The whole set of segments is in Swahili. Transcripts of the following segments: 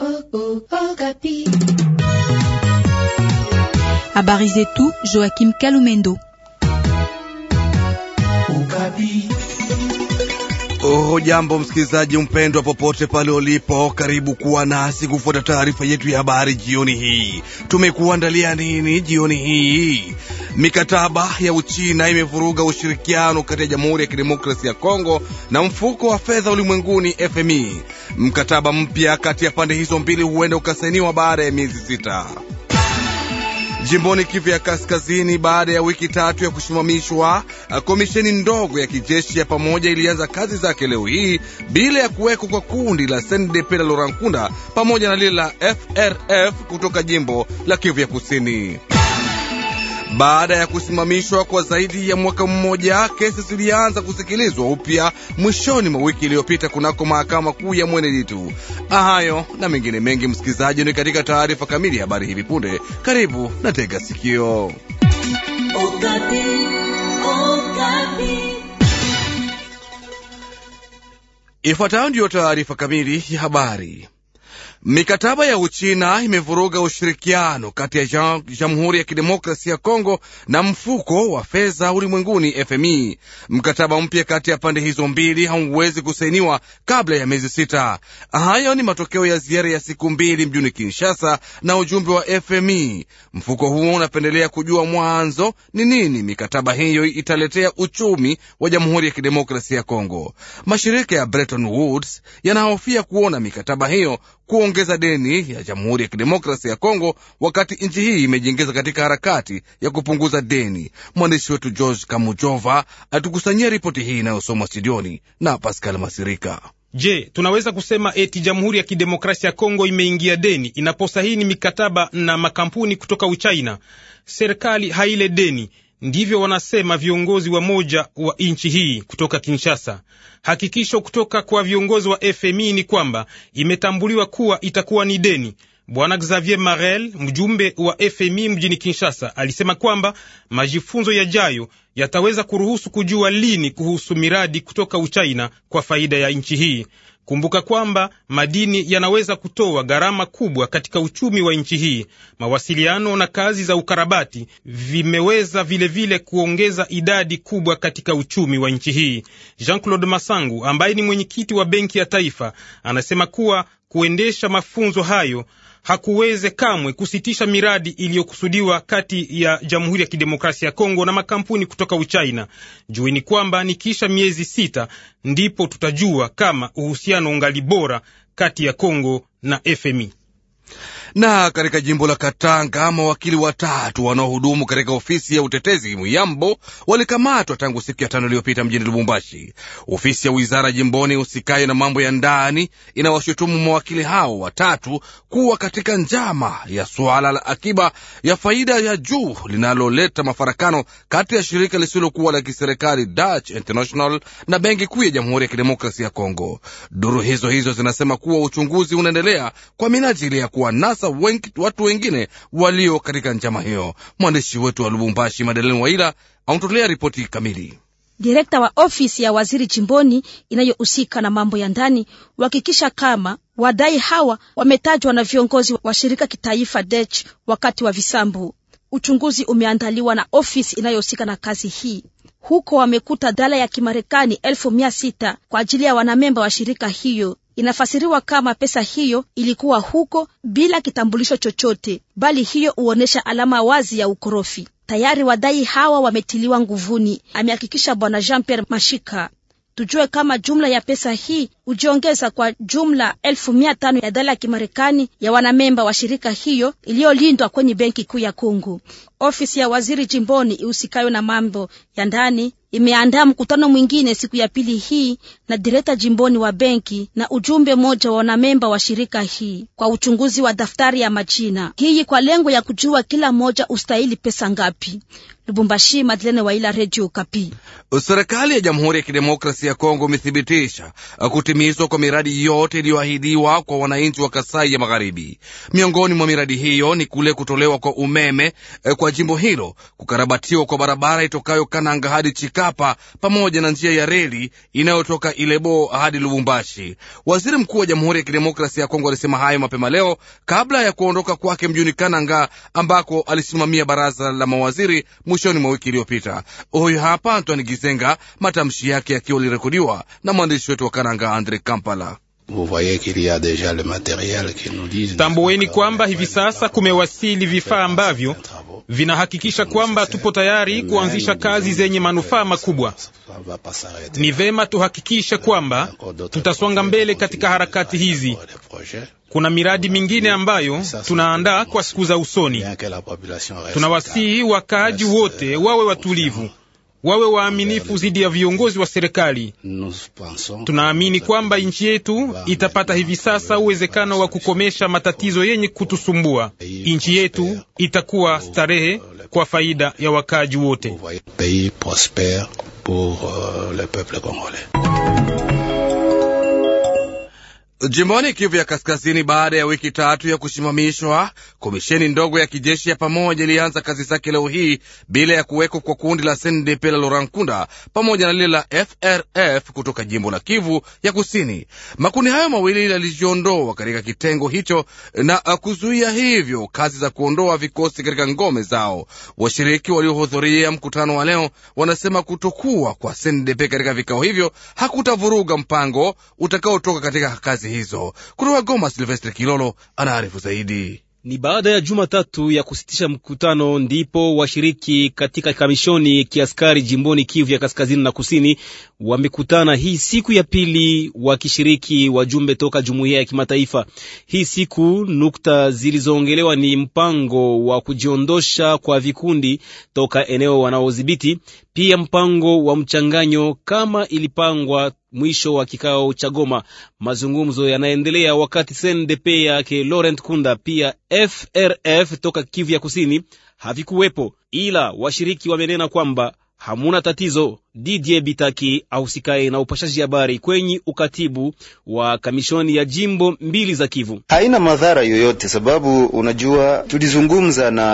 Oh, oh, oh, à tout, Joachim Kalumendo. Hujambo msikilizaji mpendwa, popote pale ulipo, karibu kuwa nasi kufuata taarifa yetu ya habari jioni hii. Tumekuandalia nini jioni hii? Mikataba ya Uchina imevuruga ushirikiano kati ya Jamhuri ya Kidemokrasia ya Kongo na Mfuko wa Fedha Ulimwenguni FMI. Mkataba mpya kati ya pande hizo mbili huenda ukasainiwa baada ya miezi sita. Jimboni Kivu ya Kaskazini, baada ya wiki tatu ya kusimamishwa, uh, komisheni ndogo ya kijeshi ya pamoja ilianza kazi zake leo hii bila ya kuwekwa kwa kundi la SNDP la Laurent Nkunda pamoja na lile la FRF kutoka jimbo la Kivu ya Kusini. Baada ya kusimamishwa kwa zaidi ya mwaka mmoja, kesi zilianza kusikilizwa upya mwishoni mwa wiki iliyopita kunako mahakama kuu ya Mweneditu. Hayo na mengine mengi, msikilizaji, ni katika taarifa kamili ya habari hivi punde. Karibu na tega sikio. Ifuatayo ndiyo taarifa kamili ya habari. Mikataba ya Uchina imevuruga ushirikiano kati ya Jamhuri ya Kidemokrasia ya Kongo na mfuko wa fedha ulimwenguni FMI. Mkataba mpya kati ya pande hizo mbili hauwezi kusainiwa kabla ya miezi sita. Hayo ni matokeo ya ziara ya siku mbili mjini Kinshasa na ujumbe wa FMI. Mfuko huo unapendelea kujua mwanzo ni nini mikataba hiyo italetea uchumi wa Jamhuri ya Kidemokrasia ya Kongo. Mashirika ya Bretton Woods yanahofia kuona mikataba hiyo kuongeza deni ya Jamhuri ya Kidemokrasia ya Kongo, wakati nchi hii imejiingiza katika harakati ya kupunguza deni. Mwandishi wetu George Kamujova atukusanyia ripoti hii inayosomwa studioni na Pascal Masirika. Je, tunaweza kusema eti Jamhuri ya Kidemokrasia ya Kongo imeingia deni inaposahini mikataba na makampuni kutoka Uchina? Serikali haile deni Ndivyo wanasema viongozi wa moja wa nchi hii kutoka Kinshasa. Hakikisho kutoka kwa viongozi wa FMI ni kwamba imetambuliwa kuwa itakuwa ni deni. Bwana Xavier Marel, mjumbe wa FMI mjini Kinshasa, alisema kwamba majifunzo yajayo yataweza kuruhusu kujua lini kuhusu miradi kutoka Uchina kwa faida ya nchi hii. Kumbuka kwamba madini yanaweza kutoa gharama kubwa katika uchumi wa nchi hii. Mawasiliano na kazi za ukarabati vimeweza vilevile vile kuongeza idadi kubwa katika uchumi wa nchi hii. Jean Claude Masangu ambaye ni mwenyekiti wa Benki ya Taifa anasema kuwa kuendesha mafunzo hayo hakuweze kamwe kusitisha miradi iliyokusudiwa kati ya Jamhuri ya Kidemokrasia ya Kongo na makampuni kutoka Uchina. Jueni kwamba ni kisha miezi sita ndipo tutajua kama uhusiano ungali bora kati ya Kongo na FMI. Na katika jimbo la Katanga, mawakili watatu wanaohudumu katika ofisi ya utetezi Muyambo walikamatwa tangu siku ya tano iliyopita mjini Lubumbashi. Ofisi ya wizara jimboni husikayo na mambo ya ndani inawashutumu mawakili hao watatu kuwa katika njama ya suala la akiba ya faida ya juu linaloleta mafarakano kati ya shirika lisilokuwa la kiserikali Dutch International na benki kuu ya Jamhuri ya kidemokrasi ya Kongo. Duru hizo hizo zinasema kuwa uchunguzi unaendelea kwa minajili ya nasa hasa wengi, watu wengine walio katika njama hiyo. Mwandishi wetu wa Lubumbashi, Madeleine Waila, ametolea ripoti kamili. Direkta wa ofisi ya waziri jimboni inayohusika na mambo ya ndani huhakikisha kama wadai hawa wametajwa na viongozi wa shirika kitaifa DECH wakati wa visambu. Uchunguzi umeandaliwa na ofisi inayohusika na kazi hii. Huko wamekuta dala ya Kimarekani elfu mia sita kwa ajili ya wanamemba wa shirika hiyo. Inafasiriwa kama pesa hiyo ilikuwa huko bila kitambulisho chochote, bali hiyo huonyesha alama wazi ya ukorofi. Tayari wadai hawa wametiliwa nguvuni, amehakikisha Bwana Jean Pierre Mashika. Tujue kama jumla ya pesa hii ujiongeza kwa jumla elfu mia tano ya dola ya Kimarekani ya wanamemba wa shirika hiyo iliyolindwa kwenye benki kuu ya Kongo. Ofisi ya waziri jimboni ihusikayo na mambo ya ndani imeandaa mkutano mwingine siku ya pili hii na direkta jimboni wa benki na ujumbe mmoja wa wanamemba wa shirika hii kwa uchunguzi wa daftari ya majina hii kwa lengo ya kujua kila mmoja ustahili pesa ngapi. Lubumbashi, Madlene Waila, Redio Kapi. Serikali ya Jamhuri ya Kidemokrasia ya Kongo imethibitisha kuti kutimizwa kwa miradi yote iliyoahidiwa kwa wananchi wa Kasai ya Magharibi. Miongoni mwa miradi hiyo ni kule kutolewa kwa umeme eh, kwa jimbo hilo, kukarabatiwa kwa barabara itokayo Kananga hadi Chikapa pamoja na njia ya reli inayotoka Ilebo hadi Lubumbashi. Waziri Mkuu wa Jamhuri ya Kidemokrasia ya Kongo alisema hayo mapema leo kabla ya kuondoka kwake mjini Kananga ambako alisimamia baraza la mawaziri mwishoni mwa wiki iliyopita. Huyu hapa Antoni Gizenga, matamshi yake yakiwa lirekodiwa na mwandishi wetu wa Kananga. Andre Kampala. Tambueni kwamba hivi sasa kumewasili vifaa ambavyo vinahakikisha kwamba tupo tayari kuanzisha kazi zenye manufaa makubwa. Ni vema tuhakikishe kwamba tutasonga mbele katika harakati hizi. Kuna miradi mingine ambayo tunaandaa kwa siku za usoni. Tunawasihi wakaaji wote wawe watulivu wawe waaminifu zidi ya viongozi wa serikali. Tunaamini kwamba nchi yetu itapata hivi sasa uwezekano wa kukomesha matatizo yenye kutusumbua. Nchi yetu itakuwa starehe kwa faida ya wakaaji wote. Jimboni Kivu ya Kaskazini, baada ya wiki tatu ya kusimamishwa, komisheni ndogo ya kijeshi ya pamoja ilianza kazi zake leo hii bila ya kuwekwa kwa kundi la SNDP la Laurent Nkunda pamoja na lile la FRF kutoka jimbo la Kivu ya Kusini. Makundi hayo mawili yalijiondoa katika kitengo hicho na uh, kuzuia hivyo kazi za kuondoa vikosi katika ngome zao. Washiriki waliohudhuria mkutano wa leo wanasema kutokuwa kwa SNDP katika vikao hivyo hakutavuruga mpango utakaotoka katika kazi hizo kutoka Goma. Silvestre Kilolo anaarifu zaidi. Ni baada ya juma tatu ya kusitisha mkutano ndipo washiriki katika kamishoni kiaskari jimboni Kivu ya kaskazini na kusini wamekutana hii siku ya pili, wakishiriki wajumbe toka jumuiya ya kimataifa. Hii siku nukta zilizoongelewa ni mpango wa kujiondosha kwa vikundi toka eneo wanaodhibiti, pia mpango wa mchanganyo kama ilipangwa mwisho wa kikao cha Goma. Mazungumzo yanaendelea wakati SNDP yake Laurent Kunda pia FRF toka Kivu ya Kusini havikuwepo, ila washiriki wamenena kwamba hamuna tatizo. didie Bitaki ahusikaye na upashaji habari kwenye ukatibu wa kamishoni ya jimbo mbili za Kivu: haina madhara yoyote, sababu unajua tulizungumza na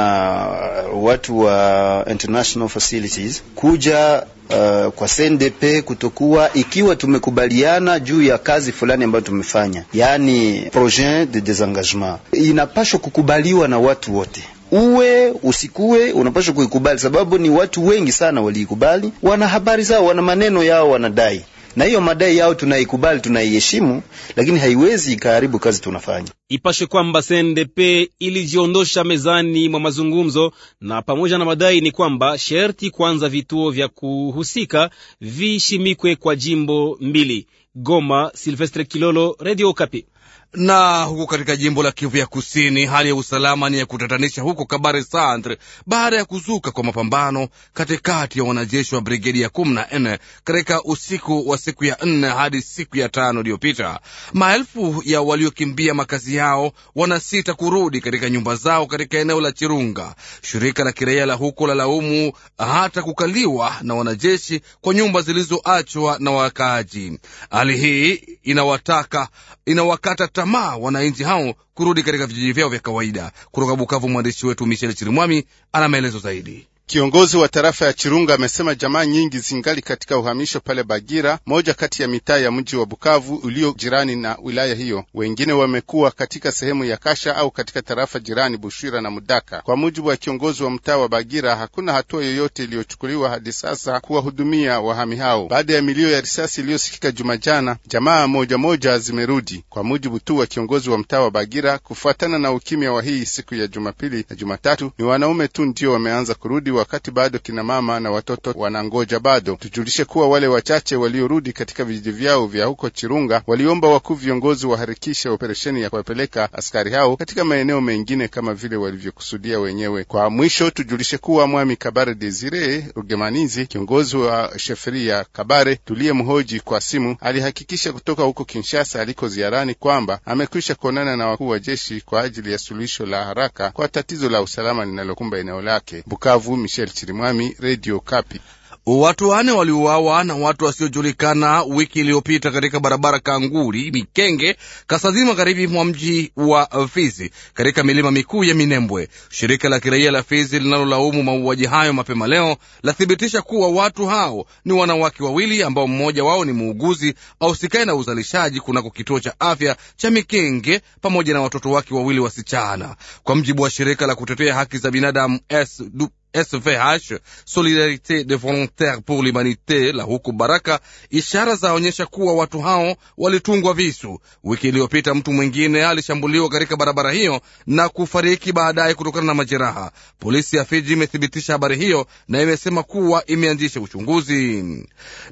watu wa international facilities kuja Uh, kwa CNDP kutokuwa ikiwa tumekubaliana juu ya kazi fulani ambayo tumefanya, yaani projet de desengagement inapashwa kukubaliwa na watu wote uwe usikuwe, unapaswa kuikubali, sababu ni watu wengi sana waliikubali, wana habari zao, wana maneno yao, wanadai na hiyo madai yao tunaikubali, tunaiheshimu, lakini haiwezi ikaharibu kazi tunafanya. Ipashe kwamba CNDP ilijiondosha mezani mwa mazungumzo, na pamoja na madai ni kwamba sherti kwanza vituo vya kuhusika vishimikwe kwa jimbo mbili. Goma, Silvestre Kilolo, Radio Kapi na huko katika jimbo la Kivu ya Kusini, hali ya usalama ni ya kutatanisha huko Kabare Centre baada ya kuzuka kwa mapambano katikati ya wanajeshi wa brigedi ya kumi na nne katika usiku wa siku ya nne hadi siku ya tano iliyopita. Maelfu ya waliokimbia makazi yao wanasita kurudi katika nyumba zao katika eneo la Chirunga. Shirika la kiraia la huko la laumu hata kukaliwa na wanajeshi kwa nyumba zilizoachwa na wakaaji. Hali hii inawataka inawakata tamaa wananchi hao kurudi katika vijiji vyao vya kawaida. Kutoka Bukavu, mwandishi wetu Michel Chirimwami ana maelezo zaidi. Kiongozi wa tarafa ya Chirunga amesema jamaa nyingi zingali katika uhamisho pale Bagira, moja kati ya mitaa ya mji wa Bukavu ulio jirani na wilaya hiyo. Wengine wamekuwa katika sehemu ya Kasha au katika tarafa jirani Bushira na Mudaka. Kwa mujibu wa kiongozi wa mtaa wa Bagira, hakuna hatua yoyote iliyochukuliwa hadi sasa kuwahudumia wahami hao. Baada ya milio ya risasi iliyosikika Jumajana, jamaa moja moja zimerudi, kwa mujibu tu wa kiongozi wa mtaa wa Bagira. Kufuatana na ukimya wa hii siku ya Jumapili na Jumatatu, ni wanaume tu ndio wameanza kurudi wa wakati bado kina mama na watoto wanangoja bado. Tujulishe kuwa wale wachache waliorudi katika vijiji vyao vya huko Chirunga waliomba wakuu viongozi waharikishe operesheni ya kuwapeleka askari hao katika maeneo mengine kama vile walivyokusudia wenyewe. Kwa mwisho, tujulishe kuwa Mwami Kabare Desire Rugemanizi, kiongozi wa sheferi ya Kabare mhoji kwa simu, alihakikisha kutoka huko Kinshasa aliko ziarani kwamba amekwisha kuonana na wakuu wa jeshi kwa ajili ya suluhisho la haraka kwa tatizo la usalama linalokumba eneo lake Bukavu. Michel Chirimwami, Radio Kapi. Watu wane waliuawa na watu wasiojulikana wiki iliyopita katika barabara Kanguli Mikenge, kaskazini magharibi mwa mji wa Fizi, katika milima mikuu ya Minembwe. Shirika la kiraia la Fizi linalolaumu mauaji hayo mapema leo lathibitisha kuwa watu hao ni wanawake wawili ambao mmoja wao ni muuguzi ausikae na uzalishaji kunako kituo cha afya cha Mikenge pamoja na watoto wake wawili wasichana, kwa mjibu wa shirika la kutetea haki za binadamu SDP, SVH, Solidarite de Volontaire pour l'Humanite la huku Baraka. Ishara zaonyesha kuwa watu hao walitungwa visu. Wiki iliyopita mtu mwingine alishambuliwa katika barabara hiyo na kufariki baadaye kutokana na majeraha. Polisi ya Fiji imethibitisha habari hiyo na imesema kuwa imeanzisha uchunguzi.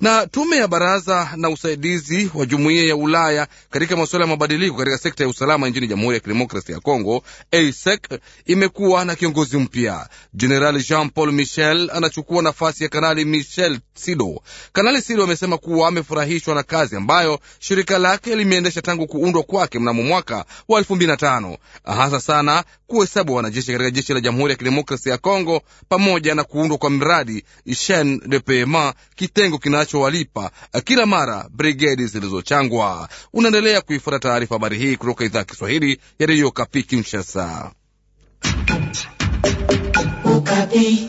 Na tume ya baraza na usaidizi wa jumuiya ya Ulaya katika masuala ya mabadiliko katika sekta ya usalama nchini Jamhuri ya Kidemokrasia ya Kongo, ASEC, imekuwa na kiongozi mpya General Jean Paul Michel anachukua nafasi ya Kanali Michel Sido. Kanali Sido amesema kuwa amefurahishwa na kazi ambayo shirika lake limeendesha tangu kuundwa kwake mnamo mwaka wa elfu mbili na tano hasa sana kuhesabu wanajeshi katika jeshi la Jamhuri ya Kidemokrasia ya Kongo pamoja na kuundwa kwa mradi Chaine de Paiement, kitengo kinachowalipa kila mara brigedi zilizochangwa. Unaendelea kuifuata taarifa habari hii kutoka idhaa ya Kiswahili ya redio Kapi Kinshasa. Okapi.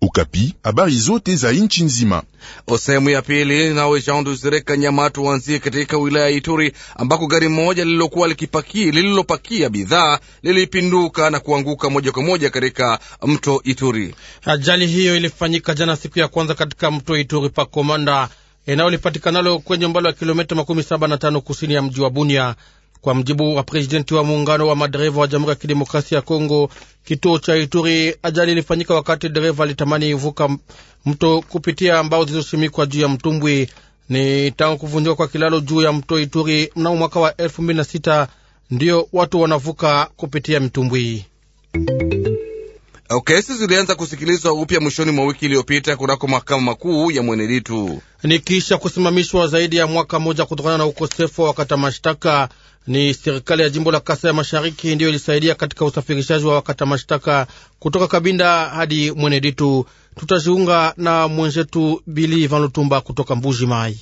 Okapi, habari zote za nchi nzima. Sehemu ya pili. Nawe Jean Desire Kanyama, tuanzie katika wilaya ya Ituri ambako gari moja lililokuwa likipakia lililopakia bidhaa lilipinduka na kuanguka moja kwa moja katika mto Ituri. Ajali hiyo ilifanyika jana siku ya kwanza katika mto Ituri pa Komanda, eneo lipatikanalo kwenye umbali wa kilomita makumi saba na tano kusini ya mji wa Bunia. Kwa mjibu wa presidenti wa muungano wa madereva wa Jamhuri ya Kidemokrasia ya Kongo kituo cha Ituri, ajali ilifanyika wakati dereva alitamani ivuka mto kupitia mbao zilizosimikwa juu ya mtumbwi. Ni tangu kuvunjika kwa kilalo juu ya mto Ituri mnamo mwaka wa elfu mbili na sita watu wanavuka kupitia mtumbwi. Kesi okay, zilianza kusikilizwa upya mwishoni mwa wiki iliyopita kunako mahakama makuu ya Mweneditu ni kisha kusimamishwa zaidi ya mwaka mmoja kutokana na ukosefu wa wakata mashtaka. Ni serikali ya jimbo la Kasa ya Mashariki ndiyo ilisaidia katika usafirishaji wa wakata mashtaka kutoka Kabinda hadi Mweneditu. Tutajiunga na mwenzetu Bili Van Lutumba kutoka Mbuji Mai.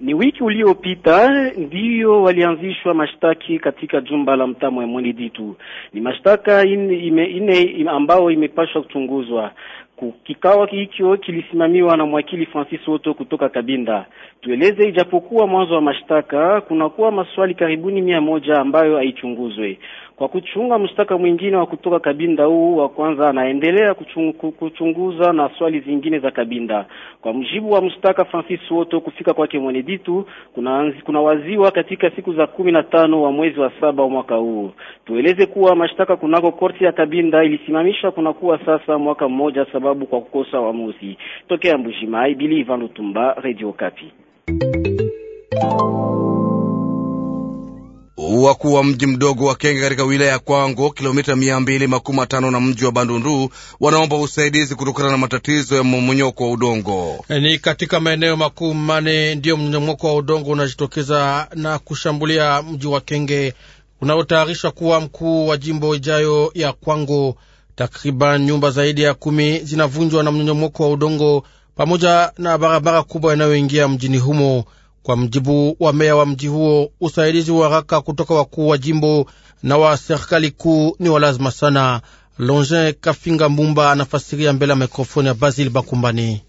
Ni wiki uliopita ndiyo walianzishwa mashtaki katika jumba la mtamwe Mwemweli Ditu. Ni mashtaka ine, ine, ine ambao imepashwa kuchunguzwa. Kikao hicho kilisimamiwa na mwakili Francis Oto kutoka Kabinda. Tueleze, ijapokuwa mwanzo wa mashtaka kunakuwa maswali karibuni mia moja ambayo haichunguzwe. Kwa kuchunga mshtaka mwingine wa kutoka Kabinda huu wa kwanza, anaendelea kuchunguza na swali zingine za Kabinda. Kwa mjibu wa mshtaka Francis Woto, kufika kwake Mweneditu kuna, kuna waziwa katika siku za kumi na tano wa mwezi wa saba wa mwaka huu. Tueleze kuwa mashtaka kunako korti ya Kabinda ilisimamishwa kunakuwa sasa mwaka mmoja, sababu kwa kukosa uamuzi. Tokea mbujimai Bili Ivan Lutumba, Radio Kapi. Wakuu wa mji mdogo wa Kenge katika wilaya ya Kwango, kilomita mia mbili makumi matano na mji wa Bandundu, wanaomba usaidizi kutokana na matatizo ya mmomonyoko wa udongo. E, ni katika maeneo makuu mane ndiyo mmomonyoko wa udongo unajitokeza na kushambulia mji wa Kenge unaotayarishwa kuwa mkuu wa jimbo ijayo ya Kwango. Takriban nyumba zaidi ya kumi zinavunjwa na mnyonyomoko wa udongo pamoja na barabara kubwa inayoingia mjini humo. Kwa mjibu wa meya wa mji huo, usaidizi wa haraka kutoka wakuu wa jimbo na wa serikali kuu ni lazima sana. Longin Kafinga Mbumba anafasiria mbele ya mikrofoni ya Basil Bakumbani.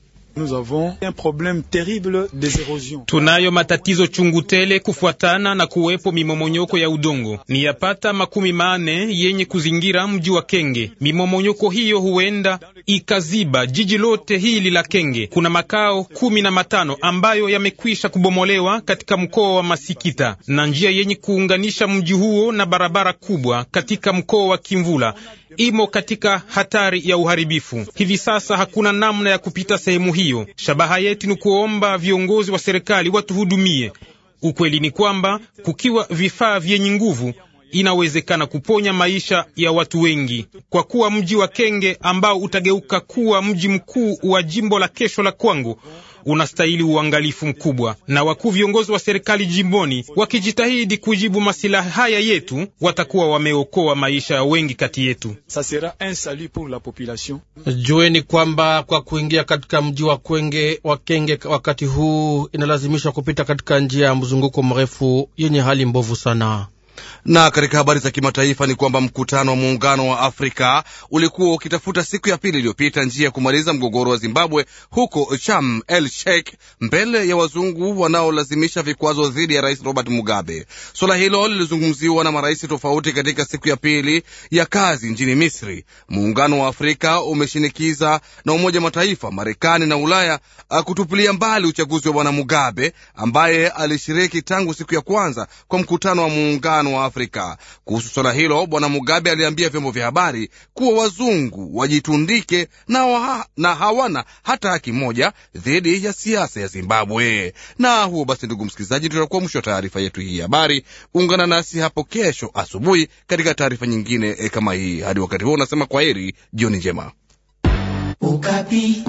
Tunayo matatizo chungu tele kufuatana na kuwepo mimomonyoko ya udongo ni yapata makumi mane yenye kuzingira mji wa Kenge. Mimomonyoko hiyo huenda ikaziba jiji lote hili la Kenge. Kuna makao kumi na matano ambayo yamekwisha kubomolewa katika mkoa wa Masikita na njia yenye kuunganisha mji huo na barabara kubwa katika mkoa wa Kimvula imo katika hatari ya uharibifu. Hivi sasa hakuna namna ya kupita sehemu hiyo. Shabaha yetu ni kuomba viongozi wa serikali watuhudumie. Ukweli ni kwamba kukiwa vifaa vyenye nguvu inawezekana kuponya maisha ya watu wengi, kwa kuwa mji wa Kenge ambao utageuka kuwa mji mkuu wa jimbo la kesho la Kwango unastahili uangalifu mkubwa, na wakuu viongozi wa serikali jimboni wakijitahidi kujibu masilaha haya yetu, watakuwa wameokoa maisha ya wengi kati yetu. Jueni kwamba kwa kuingia katika mji wa Kwenge wa Kenge wakati huu inalazimishwa kupita katika njia ya mzunguko mrefu yenye hali mbovu sana. Na katika habari za kimataifa ni kwamba mkutano wa muungano wa Afrika ulikuwa ukitafuta siku ya pili iliyopita njia ya kumaliza mgogoro wa Zimbabwe huko Sharm el Sheikh mbele ya wazungu wanaolazimisha vikwazo dhidi ya rais Robert Mugabe. Suala hilo lilizungumziwa na marais tofauti katika siku ya pili ya kazi nchini Misri. Muungano wa Afrika umeshinikiza na Umoja Mataifa, Marekani na Ulaya uh, kutupilia mbali uchaguzi wa bwana Mugabe ambaye alishiriki tangu siku ya kwanza kwa mkutano wa muungano muungano wa Afrika. Kuhusu swala hilo, Bwana Mugabe aliambia vyombo vya habari kuwa wazungu wajitundike na, wa, na hawana hata haki moja dhidi ya siasa ya Zimbabwe. Na huo basi, ndugu msikilizaji, tutakuwa mwisho wa taarifa yetu hii habari. Ungana nasi hapo kesho asubuhi katika taarifa nyingine e kama hii. Hadi wakati huo, unasema kwa heri, jioni njema. Ukapi.